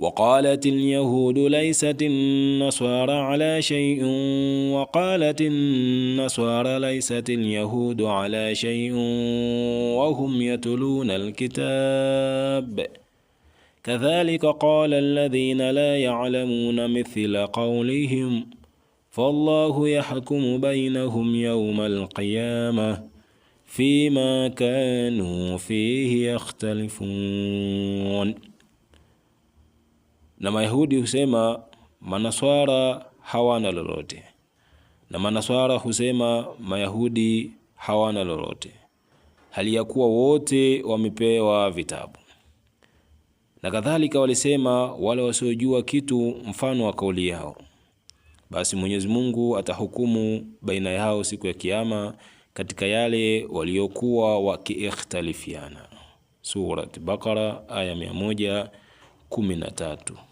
وقالت اليهود ليست النصارى على شيء وقالت النصارى ليست اليهود على شيء وهم يتلون الكتاب كذلك قال الذين لا يعلمون مثل قولهم فالله يحكم بينهم يوم القيامه فيما كانوا فيه يختلفون na Mayahudi husema manaswara hawana lolote, na manaswara husema Mayahudi hawana lolote, hali ya kuwa wote wamepewa vitabu. Na kadhalika walisema wale wasiojua kitu mfano wa kauli yao. Basi Mwenyezi Mungu atahukumu baina yao siku ya Kiyama katika yale waliokuwa wakiikhtalifiana. Surat Baqara aya mia moja kumi na tatu.